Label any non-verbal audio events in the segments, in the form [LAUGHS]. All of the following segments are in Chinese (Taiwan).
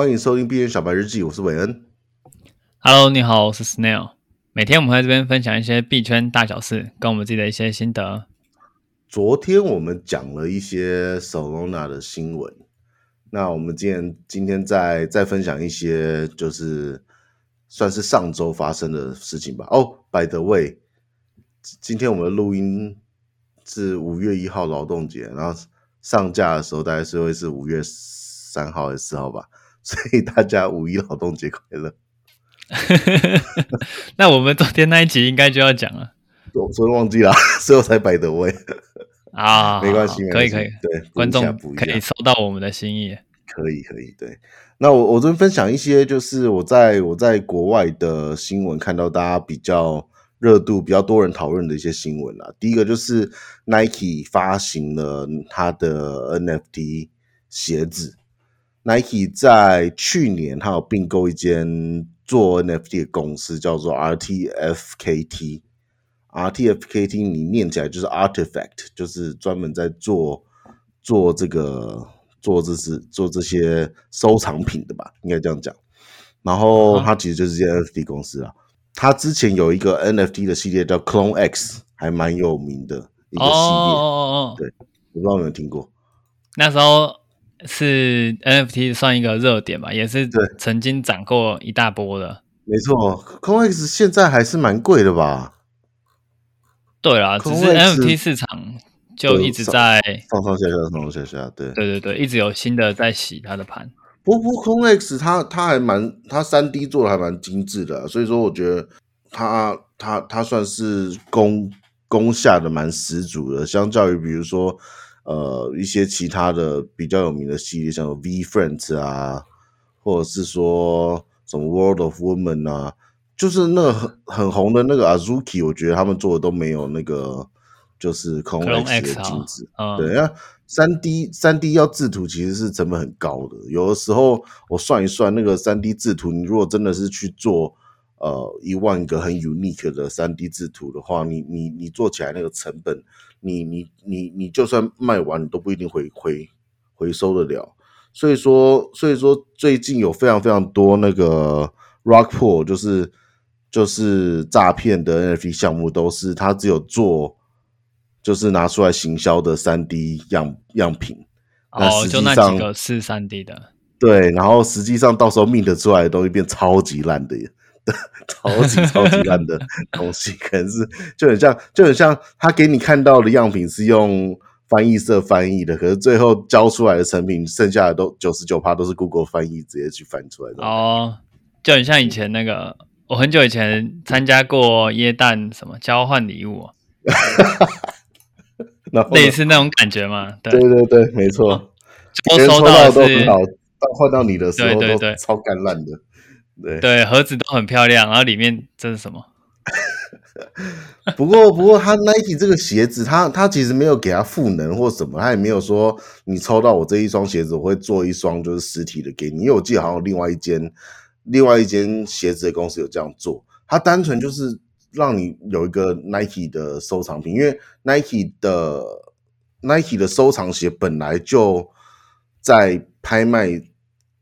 歡迎收聽幣圈小白日記，我是偉恩。Hello，你好，我是 Snail。每天我們會在這邊分享一些幣圈大小事，跟我們自己的一些心得。昨天我們講了一些 Solana 的新聞，那我們今天今天再再分享一些，就是算是上周發生的事情吧。哦，oh，by the way，今天我們的錄音是五月一號勞動節，然後上架的時候大概是會是五月三號還是四號吧。所以大家五一勞動節快樂 [LAUGHS] ！那我們昨天那一集應該就要講了 [LAUGHS] 我昨天忘記了，所以我才擺得位啊， [LAUGHS] 沒關係，可以可以，對，觀眾可以收到我們的心意，可以可以，對。那我我這邊分享一些，就是我在我在國外的新聞看到大家比較熱度比較多人討論的一些新聞啊。第一個就是 Nike 發行了他的 NFT 鞋子。Nike 在去年，它有併購一間做 NFT 的公司，叫做 RTFKT。RTFKT 你念起來就是 Artifact，就是專門在做做這個做這是做這些收藏品的吧，應該這樣講。然後它其實就是一間 NFT 公司啊。它之前有一個 NFT 的系列叫 Clone X，還蠻有名的一個系列，oh，對，我不知道有沒有聽過，oh。那時候。是 NFT 算一個熱點吧，也是曾經漲過一大波的。沒錯，空 X 現在還是蠻貴的吧？對啊，空 X, 只是 NFT 市場就一直在上,上上下下、上上下下。對，對對對，一直有新的在洗它的盤。不過空 X 它它還蠻它三 D 做的還蠻精致的，所以說我覺得它它它算是攻攻下的蠻十足的。相較於比如說。呃，一些其他的比較有名的系列，像 V Friends 啊，或者是說什麼 World of Women 啊，就是那個很很紅的那個 Azuki，我覺得他們做的都沒有那個就是恐龍系的精致。對，因為三 D 三 D 要製圖其實是成本很高的。有的時候我算一算，那個三 D 製圖，你如果真的是去做呃一萬個很 unique 的三 D 製圖的話，你你你做起來那個成本。你你你你就算賣完，你都不一定回虧，回收得了。所以說，所以說最近有非常非常多那個 Rockpool 就是就是詐騙的 NFT 項目，都是他只有做就是拿出來行銷的 3D 樣樣品。哦，實際上，就那幾個是 3D 的。對，然後實際上到時候 Mint 出來的東西變超級爛的耶 [LAUGHS] 超級超級爛的東西， [LAUGHS] 可能是就很像，就很像他給你看到的樣品是用翻譯社翻譯的，可是最後交出來的成品，剩下的都九十九趴都是 Google 翻譯直接去翻出來的。哦，就很像以前那個，我很久以前參加過耶誕什麼交換禮物，哦，那也是那種感覺嘛。對對，對對，沒錯，我、哦、收到都很好，到換到你的時候都超幹爛的。對對對對，對，盒子都很漂亮，然後裡面這是什麼？ [LAUGHS] 不過，不過，他 Nike 這個鞋子，他他其實沒有給他賦能或什麼，他也沒有說你抽到我這一雙鞋子，我會做一雙就是實體的給你。因為我記得好像另外一間另外一間鞋子的公司有這樣做，他單純就是讓你有一個 Nike 的收藏品，因為 Nike 的 Nike 的收藏鞋本來就在拍賣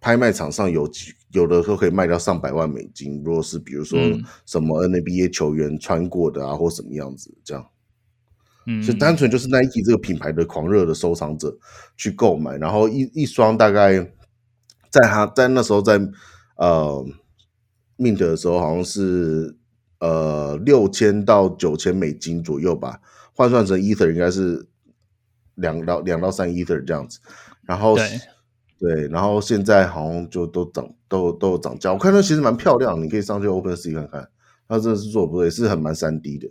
拍賣場上有幾。有的時候可以賣到上百萬美金，如果是比如說什麼 NBA 球員穿過的啊，嗯、或什麼樣子這樣，嗯，所以單純就是 Nike 這個品牌的狂熱的收藏者去購買，然後一一雙大概在他在，在那時候在呃 mint 的時候，好像是呃六千到九千美金左右吧，換算成 Ether 應該是兩到兩到三 Ether 這樣子，然後。對，然後現在好像就都漲，都都漲價。我看它其實蠻漂亮，你可以上去 OpenSea 看看，它這是做不對，也是很蠻三 D 的。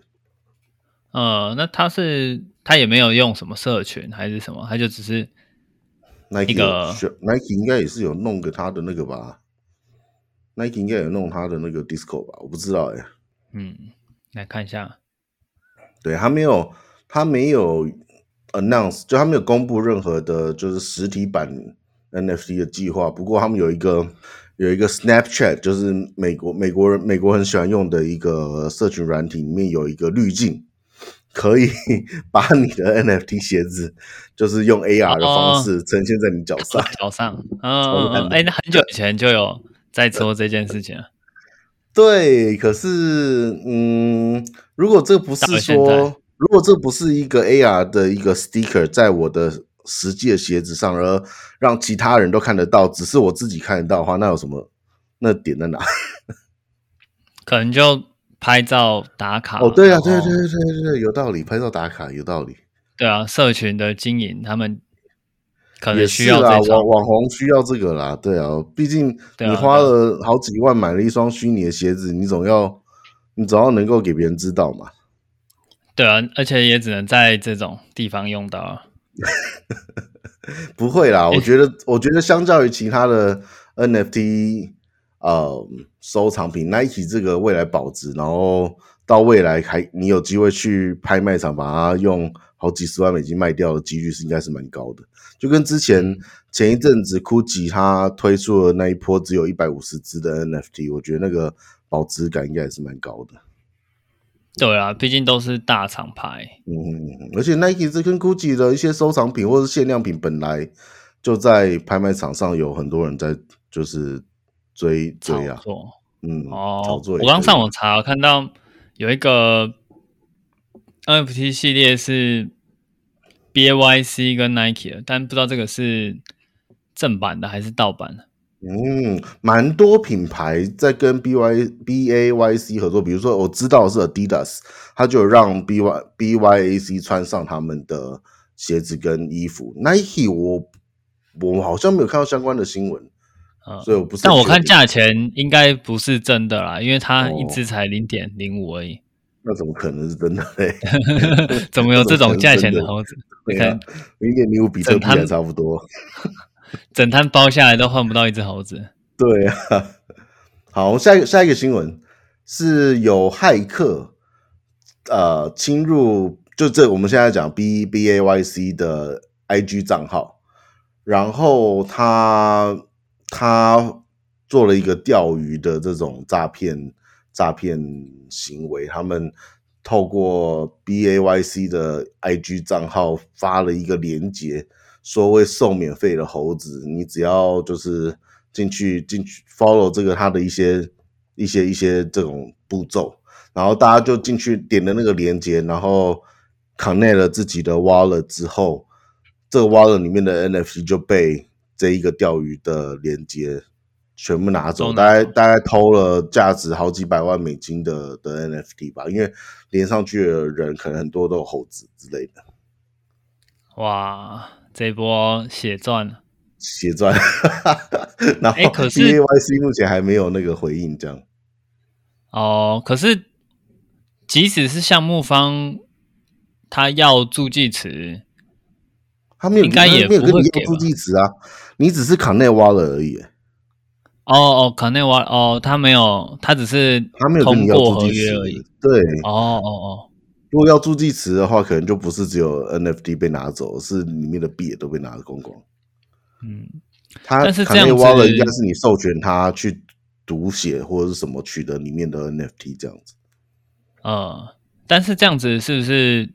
呃，那它是，它也沒有用什麼社群還是什麼，它就只是一個 Nike Nike 應該也是有弄個它的那個吧，Nike 應該有弄它的那個 Discord 吧，我不知道哎、欸。嗯，來看一下。對，它沒有，它沒有 announce，就它沒有公布任何的，就是實體版。NFT 的計劃，不過他們有一個有一個 Snapchat，就是美國美國人美國很喜歡用的一個社群軟體，裡面有一個濾鏡，可以把你的 NFT 鞋子，就是用 AR 的方式呈現在你腳上。腳、哦哦哦、腳上啊、哦嗯欸，那很久以前就有在做這件事情啊。對，可是嗯，如果這不是說，如果這不是一個 AR 的一個 sticker，在我的。實際的鞋子上了，而讓其他人都看得到。只是我自己看得到的話，那有什麼？那點在哪？ [LAUGHS] 可能就拍照打卡哦。對啊，對對對對對，有道理。拍照打卡有道理。對啊，社群的經營，他們可能需要網、啊、網紅需要這個啦。對啊，畢竟你花了好幾萬、啊啊、買了一雙虛擬的鞋子，你總要你總要能夠給別人知道嘛。對啊，而且也只能在這種地方用到。 [LAUGHS] 不會啦、嗯，我覺得，我覺得相較於其他的 NFT，呃，收藏品 Nike 這個未來保值，然後到未來還你有機會去拍賣場把它用好幾十萬美金賣掉的幾率是應該是蠻高的。就跟之前前一陣子 Gucci 他推出的那一波只有一百五十只的 NFT，我覺得那個保值感應該也是蠻高的。對啊，畢竟都是大廠牌。嗯，而且 Nike 這跟 Gucci 的一些收藏品或者是限量品，本來就在拍賣場上有很多人在就是追追啊。嗯哦，炒作。我剛上網查，我看到有一個 NFT 系列是 BYC 跟 Nike 的，但不知道這個是正版的還是盜版的。嗯，蠻多品牌在跟 B Y B A Y C 合作，比如說我知道是 Adidas，他就讓 B、BYAC 穿上他們的鞋子跟衣服。Nike，我我好像沒有看到相關的新聞，嗯、所以我不是。但我看價錢應該不是真的啦，因為它一隻才零點零五而已，哦。那怎麼可能是真的嘞？ [LAUGHS] 怎麼的 [LAUGHS] 怎麼有這種價錢的猴子？你、啊、看零點零五比特幣還差不多。整攤包下來都換不到一隻猴子，對啊。好，下一個下一個新聞是有駭客，呃，侵入就這我們現在講 B B A Y C 的 I G 賬號，然後他他做了一個釣魚的這種詐騙詐騙行為，他們透過 B A Y C 的 I G 賬號發了一個鏈接。說會送免費的猴子，你只要就是進去進去 follow 這個他的一些一些一些這種步驟，然後大家就進去點了那個連結，然後 connect 了自己的 wallet 之後，這個 wallet 裡面的 NFT 就被這一個釣魚的連結全部拿走，大概大概偷了價值好幾百萬美金的的 NFT 吧，因為連上去的人可能很多都有猴子之類的，哇。這波血賺了，血賺， [LAUGHS] 然後，可是 B A Y C 目前還沒有那個回應，這樣、欸、可是哦。可是，即使是項目方他助，他要助記詞，他們應該也不會給助記詞啊。你只是卡內挖了而已。哦哦，卡內挖哦，他沒有，他只是他沒有通過合約而已。對，哦哦哦。如果要助記詞的話，可能就不是只有 NFT 被拿走，是裡面的幣也都被拿的光光。嗯，他但是這樣子，但是你授權他去讀寫或者是什麼取得裡面的 NFT 這樣子。啊、呃，但是這樣子是不是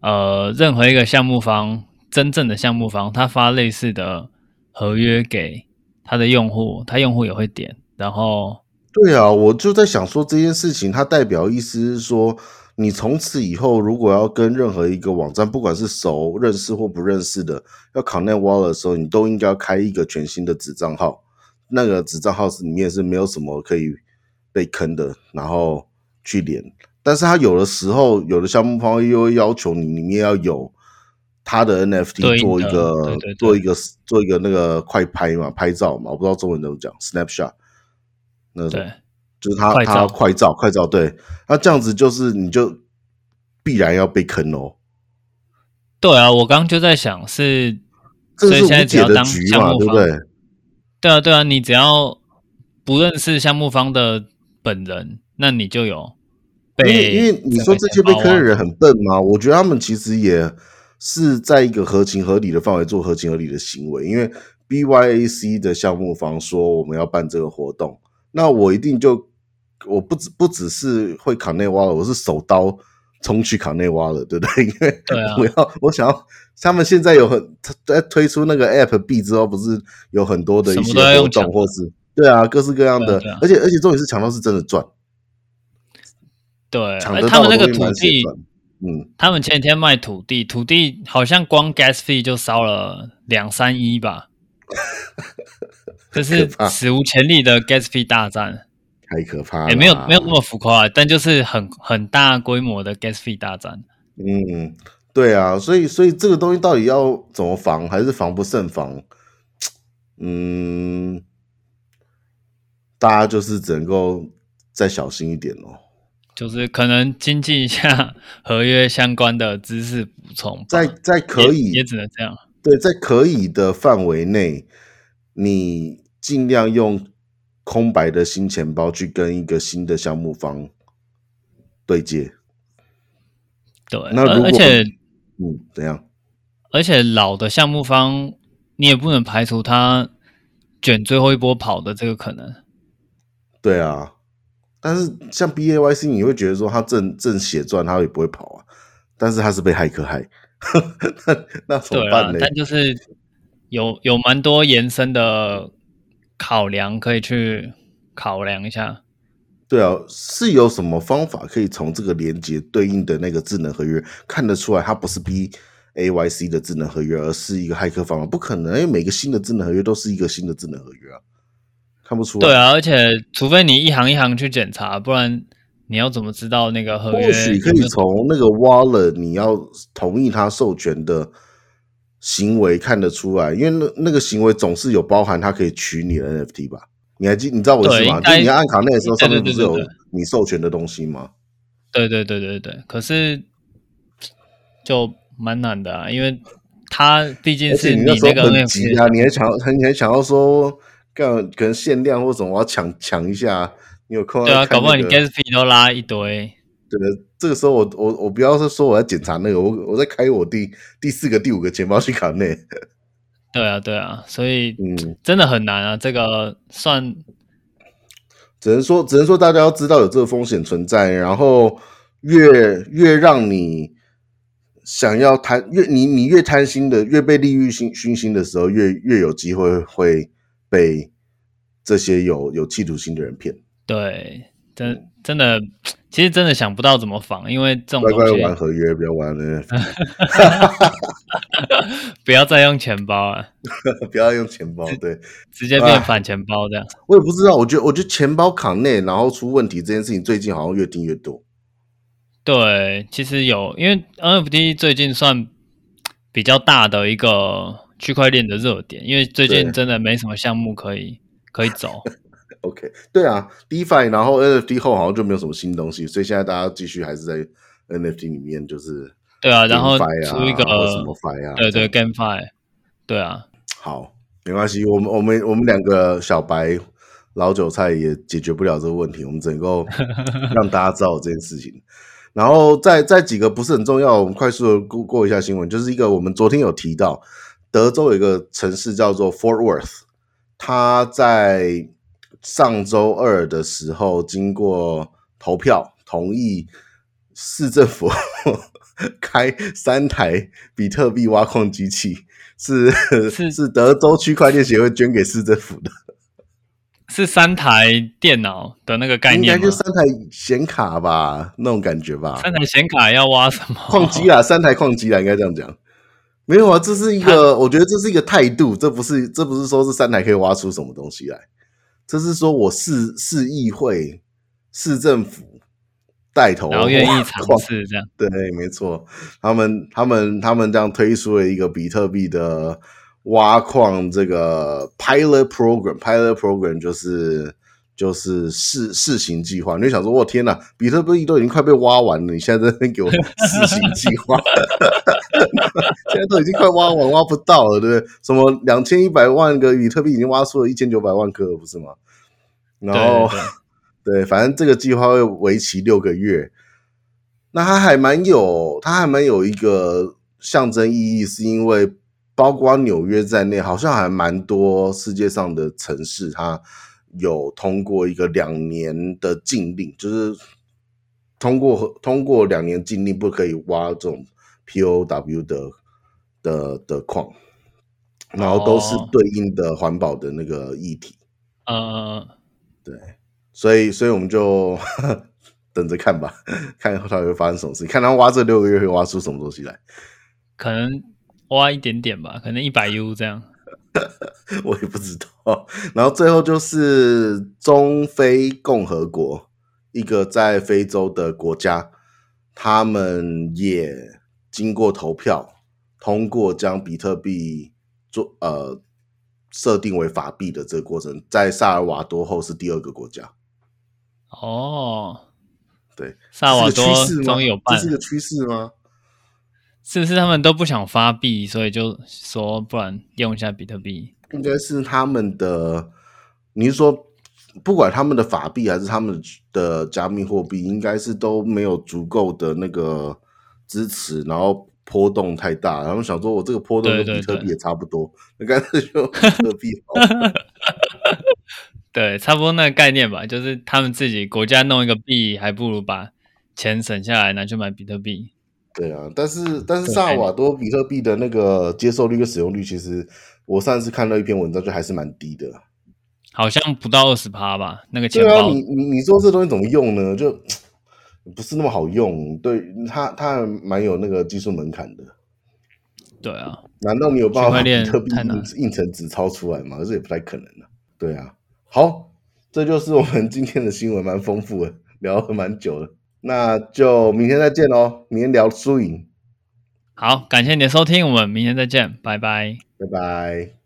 呃，任何一個項目方，真正的項目方，他發類似的合約給他的用戶，他用戶也會點。然後對啊，我就在想說，這件事情，它代表意思是說。你從此以後，如果要跟任何一個網站，不管是熟認識或不認識的，要 connect wallet 的時候，你都應該要開一個全新的子帳號。那個子帳號是裡面是沒有什麼可以被坑的，然後去連。但是它有的時候，有的項目方又會要求你裡面要有他的 NFT，做一個對對對，做一個做一個那個快拍嘛，拍照嘛，我不知道中文怎麼講，snapshot 那種。對就是他，他要快照，快照，對，那這樣子就是你就必然要被坑哦。對啊，我剛剛就在想是，這是的局嘛，所以現在只要當項目方對不對？對啊，對啊，你只要不認識項目方的本人，那你就有被。因為因為你說這些被坑的人很笨嗎？我覺得他們其實也是在一個合情合理的範圍做合情合理的行為。因為 BYAC 的項目方說我們要辦這個活動。那我一定就，我不只不只是會卡內挖了，我是手刀衝去卡內挖了，對不對？因為對、啊、我要我想要他們現在有很在推出那個 app 幣之後，不是有很多的一些活動，或是對啊，各式各樣的，啊啊、而且而且重點是強盜是真的賺，對、啊，搶賺他們那個土地，嗯，他們前幾天賣土地，土地好像光 gas 費就燒了兩三億吧。 [LAUGHS] 可是史無前例的 gas fee 大戰，太可怕了。也、欸、沒有沒有那麼浮誇，但就是很很大規模的 gas fee 大戰。嗯，對啊，所以所以這個東西到底要怎麼防，還是防不勝防。嗯，大家就是只能夠再小心一點嘍、喔。就是可能增進一下合約相關的知識補充，在在可以也，也只能這樣。對，在可以的範圍內。你盡量用空白的新錢包去跟一個新的項目方對接。對，那如果而且嗯，怎樣？而且老的項目方，你也不能排除他卷最後一波跑的這個可能。對啊，但是像 B A Y C，你會覺得說他正正血賺，他也不會跑啊。但是他是被駭客害， [LAUGHS] 那那怎麼辦呢？對啊，但就是。有有蠻多延伸的考量，可以去考量一下。對啊，是有什麼方法可以從這個連接對應的那個智能合約看得出來，它不是 B A Y C 的智能合約，而是一個黑客方法？不可能，因為每個新的智能合約都是一個新的智能合約啊，看不出來。對啊，而且除非你一行一行去檢查，不然你要怎麼知道那個合約，就是？或許可以從那個 Wallet，你要同意他授權的。行為看得出來，因為那那個行為總是有包含他可以取你的 NFT 吧？你還記你知道我的意思嗎？對，就你要按卡那個時候對對對對對，上面不是有你授權的東西嗎？對對對對對，可是就蠻難的啊，因為他畢竟是你那個 NFT 啊，你還搶，你還想要說，幹可能限量或什麼我要搶搶一下，你有空、那個、對啊，搞不好你 gas 費都拉一堆。這個這個時候我，我我我不要是說我在檢查那個，我我在開我第第四個、第五個錢包去搞那。對啊，對啊，所以嗯，真的很難啊，這個算只能說只能說大家要知道有這個風險存在，然後越越讓你想要貪，越你你越貪心的，越被利欲熏熏心的時候，越越有機會會被這些有有企圖心的人騙。對。真真的，其實真的想不到怎麼防，因為這種東西乖要玩合約，不要玩， [LAUGHS] [LAUGHS] 不要再用錢包啊， [LAUGHS] 不要用錢包，對，直接變反錢包這樣。我也不知道，我覺得我覺得錢包卡內然後出問題這件事情，最近好像越盯越多。對，其實有，因為 NFT 最近算比較大的一個區塊鏈的熱點，因為最近真的沒什麼項目可以可以走。OK，對啊，DeFi，然後 NFT 後好像就沒有什麼新東西，所以現在大家繼續還是在 NFT 裡面，就是啊對啊，然後出一個什麼 fi 啊，對對，對 GameFi 對啊，好，沒關係，我們我們我們兩個小白老韭菜也解決不了這個問題，我們只能夠讓大家知道這件事情。 [LAUGHS] 然後再再幾個不是很重要，我們快速的過過一下新聞，就是一個我們昨天有提到，德州有一個城市叫做 Fort Worth，它在。上週二的時候，經過投票同意，市政府呵呵開三台比特幣挖礦機器，是是，是德州區塊鏈協會捐給市政府的，是三台電腦的那個概念，應該就三台顯卡吧，那種感覺吧。三台顯卡要挖什麼？礦機啊，三台礦機啊，應該這樣講。沒有啊，這是一個，我覺得這是一個態度，這不是，這不是說是三台可以挖出什麼東西來。這是說，我市市議會、市政府帶頭，然後願意嘗試這樣。對，沒錯，他們、他們、他們這樣推出了一個比特幣的挖礦這個 pilot program。pilot program 就是。就是試試行計劃，你就想說，我天哪，比特幣都已經快被挖完了，你現在在那給我試行計劃， [LAUGHS] [LAUGHS] 現在都已經快挖完，挖不到了，對不對？什麼兩千一百萬個比特幣已經挖出了一千九百萬顆，不是嗎？然後，對,對,對, [LAUGHS] 對，反正這個計劃會為期六個月。那它還蠻有，它還蠻有一個象徵意義，是因為包括紐約在內，好像還蠻多世界上的城市它。有通過一個兩年的禁令，就是通過通過兩年禁令，不可以挖這種 POW 的的的礦，然後都是對應的環保的那個議題。哦。呃，對，所以所以我們就 [LAUGHS] 等着看吧，看後它會發生什麼事，看它挖這六個月會挖出什麼東西來，可能挖一點點吧，可能一百 U 這樣。 [LAUGHS] 我也不知道。然後最後就是中非共和國，一個在非洲的國家，他們也經過投票通過將比特幣做呃設定為法幣的這個過程，在薩爾瓦多後是第二個國家。哦，對，薩爾瓦多，這是個趨勢嗎？是不是他們都不想發幣，所以就說不然用一下比特幣？應該是他們的，你是說不管他們的法幣還是他們的加密貨幣，應該是都沒有足夠的那個支持，然後波動太大，他們想說我這個波動跟比特幣也差不多，對對對，應該是用比特幣。 [LAUGHS] 對，差不多那個概念吧，就是他們自己國家弄一個幣，還不如把錢省下來拿去買比特幣。對啊，但是但是薩瓦多比特幣的那個接受率跟使用率，其實我上次看到一篇文章，就還是蠻低的，好像不到二十趴吧。那個錢包，對啊、你你你說這東西怎麼用呢？就不是那麼好用，對它它蠻有那個技術門檻的。對啊，難道你有辦法把比特幣印印成紙鈔出來嗎？這也不太可能啊，對啊，好，這就是我們今天的新聞，蠻豐富的，聊了蠻久了。那就明天再見嘍，明天聊輸贏。好，感謝你的收聽，我們明天再見，拜拜，拜拜。